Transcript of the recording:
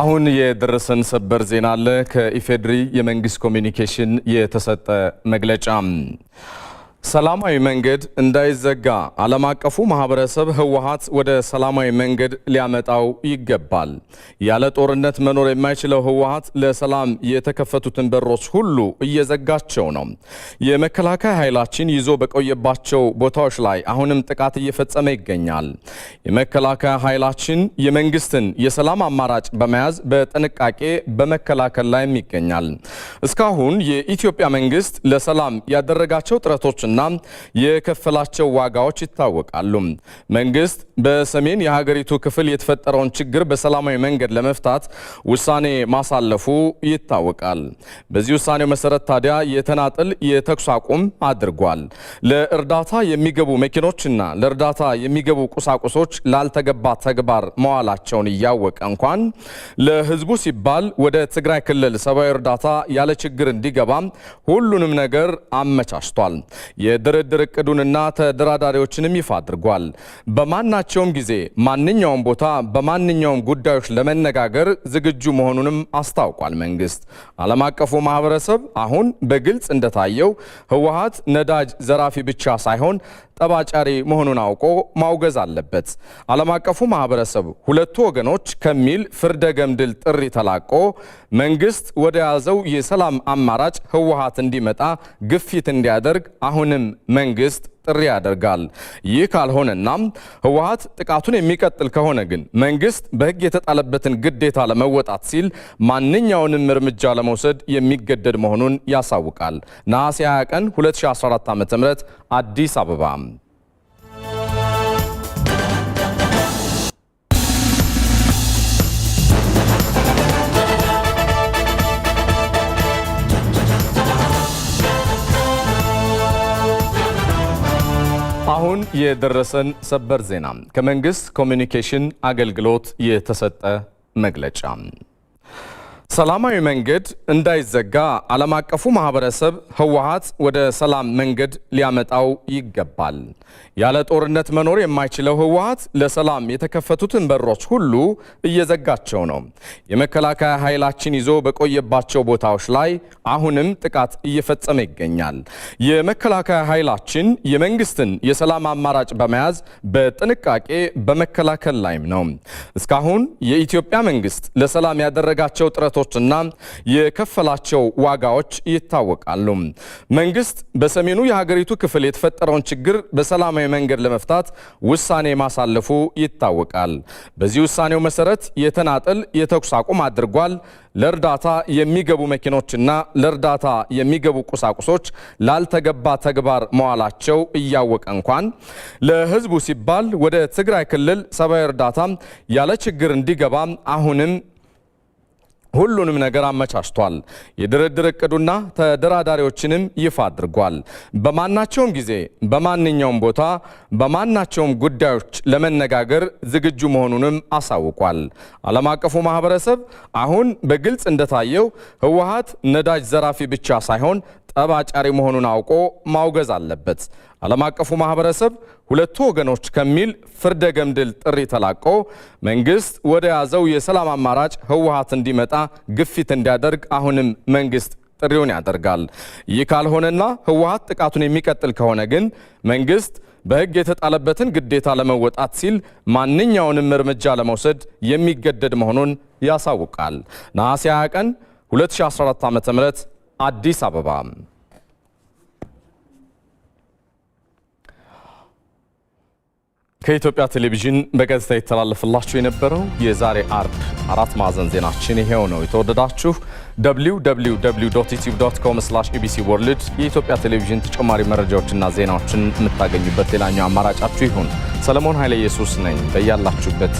አሁን የደረሰን ሰበር ዜና አለ። ከኢፌድሪ የመንግስት ኮሚኒኬሽን የተሰጠ መግለጫ ሰላማዊ መንገድ እንዳይዘጋ ዓለም አቀፉ ማህበረሰብ ህወሓት ወደ ሰላማዊ መንገድ ሊያመጣው ይገባል። ያለ ጦርነት መኖር የማይችለው ህወሓት ለሰላም የተከፈቱትን በሮች ሁሉ እየዘጋቸው ነው። የመከላከያ ኃይላችን ይዞ በቆየባቸው ቦታዎች ላይ አሁንም ጥቃት እየፈጸመ ይገኛል። የመከላከያ ኃይላችን የመንግስትን የሰላም አማራጭ በመያዝ በጥንቃቄ በመከላከል ላይም ይገኛል። እስካሁን የኢትዮጵያ መንግስት ለሰላም ያደረጋቸው ጥረቶች መሆናቸውና የከፈላቸው ዋጋዎች ይታወቃሉ። መንግስት በሰሜን የሀገሪቱ ክፍል የተፈጠረውን ችግር በሰላማዊ መንገድ ለመፍታት ውሳኔ ማሳለፉ ይታወቃል። በዚህ ውሳኔው መሰረት ታዲያ የተናጥል የተኩስ አቁም አድርጓል። ለእርዳታ የሚገቡ መኪኖችና ለእርዳታ የሚገቡ ቁሳቁሶች ላልተገባ ተግባር መዋላቸውን እያወቀ እንኳን ለህዝቡ ሲባል ወደ ትግራይ ክልል ሰብአዊ እርዳታ ያለ ችግር እንዲገባ ሁሉንም ነገር አመቻችቷል። የድርድር እቅዱንና ተደራዳሪዎችንም ይፋ አድርጓል። በማናቸውም ጊዜ ማንኛውም ቦታ በማንኛውም ጉዳዮች ለመነጋገር ዝግጁ መሆኑንም አስታውቋል። መንግስት ዓለም አቀፉ ማህበረሰብ አሁን በግልጽ እንደታየው ህወሀት ነዳጅ ዘራፊ ብቻ ሳይሆን ጠባጫሪ መሆኑን አውቆ ማውገዝ አለበት። ዓለም አቀፉ ማህበረሰብ ሁለቱ ወገኖች ከሚል ፍርደ ገምድል ጥሪ ተላቆ መንግስት ወደ ያዘው የሰላም አማራጭ ህወሀት እንዲመጣ ግፊት እንዲያደርግ አሁን ይህንንም መንግስት ጥሪ ያደርጋል። ይህ ካልሆነና ህወሀት ጥቃቱን የሚቀጥል ከሆነ ግን መንግስት በህግ የተጣለበትን ግዴታ ለመወጣት ሲል ማንኛውንም እርምጃ ለመውሰድ የሚገደድ መሆኑን ያሳውቃል። ነሐሴ 20 ቀን 2014 ም አዲስ አበባ አሁን የደረሰን ሰበር ዜና ከመንግስት ኮሚኒኬሽን አገልግሎት የተሰጠ መግለጫ ሰላማዊ መንገድ እንዳይዘጋ ዓለም አቀፉ ማህበረሰብ ህወሓት ወደ ሰላም መንገድ ሊያመጣው ይገባል። ያለ ጦርነት መኖር የማይችለው ህወሓት ለሰላም የተከፈቱትን በሮች ሁሉ እየዘጋቸው ነው። የመከላከያ ኃይላችን ይዞ በቆየባቸው ቦታዎች ላይ አሁንም ጥቃት እየፈጸመ ይገኛል። የመከላከያ ኃይላችን የመንግስትን የሰላም አማራጭ በመያዝ በጥንቃቄ በመከላከል ላይም ነው። እስካሁን የኢትዮጵያ መንግስት ለሰላም ያደረጋቸው ጥረቶች እና የከፈላቸው ዋጋዎች ይታወቃሉ። መንግስት በሰሜኑ የሀገሪቱ ክፍል የተፈጠረውን ችግር በሰላማዊ መንገድ ለመፍታት ውሳኔ ማሳለፉ ይታወቃል። በዚህ ውሳኔው መሰረት የተናጠል የተኩስ አቁም አድርጓል። ለእርዳታ የሚገቡ መኪኖችና ለእርዳታ የሚገቡ ቁሳቁሶች ላልተገባ ተግባር መዋላቸው እያወቀ እንኳን ለህዝቡ ሲባል ወደ ትግራይ ክልል ሰብአዊ እርዳታ ያለ ችግር እንዲገባ አሁንም ሁሉንም ነገር አመቻችቷል። የድርድር እቅዱና ተደራዳሪዎችንም ይፋ አድርጓል። በማናቸውም ጊዜ በማንኛውም ቦታ በማናቸውም ጉዳዮች ለመነጋገር ዝግጁ መሆኑንም አሳውቋል። ዓለም አቀፉ ማህበረሰብ አሁን በግልጽ እንደታየው ህወሓት ነዳጅ ዘራፊ ብቻ ሳይሆን ጠብ አጫሪ መሆኑን አውቆ ማውገዝ አለበት። ዓለም አቀፉ ማህበረሰብ ሁለቱ ወገኖች ከሚል ፍርደ ገምድል ጥሪ ተላቆ መንግስት ወደ ያዘው የሰላም አማራጭ ህወሓት እንዲመጣ ግፊት እንዲያደርግ አሁንም መንግስት ጥሪውን ያደርጋል። ይህ ካልሆነና ህወሓት ጥቃቱን የሚቀጥል ከሆነ ግን መንግስት በህግ የተጣለበትን ግዴታ ለመወጣት ሲል ማንኛውንም እርምጃ ለመውሰድ የሚገደድ መሆኑን ያሳውቃል። ነሐሴ 20 ቀን 2014 ዓ.ም አዲስ አበባ ከኢትዮጵያ ቴሌቪዥን በቀጥታ የተላለፈላችሁ የነበረው የዛሬ አርብ አራት ማዕዘን ዜናችን ይሄው ነው። የተወደዳችሁ www.youtube.com ደብሊው ስላሽ ኢቢሲ ወርልድ የኢትዮጵያ ቴሌቪዥን ተጨማሪ መረጃዎችና ዜናዎችን የምታገኙበት ሌላኛው አማራጫችሁ ይሁን። ሰለሞን ኃይለ ኢየሱስ ነኝ። በያላችሁበት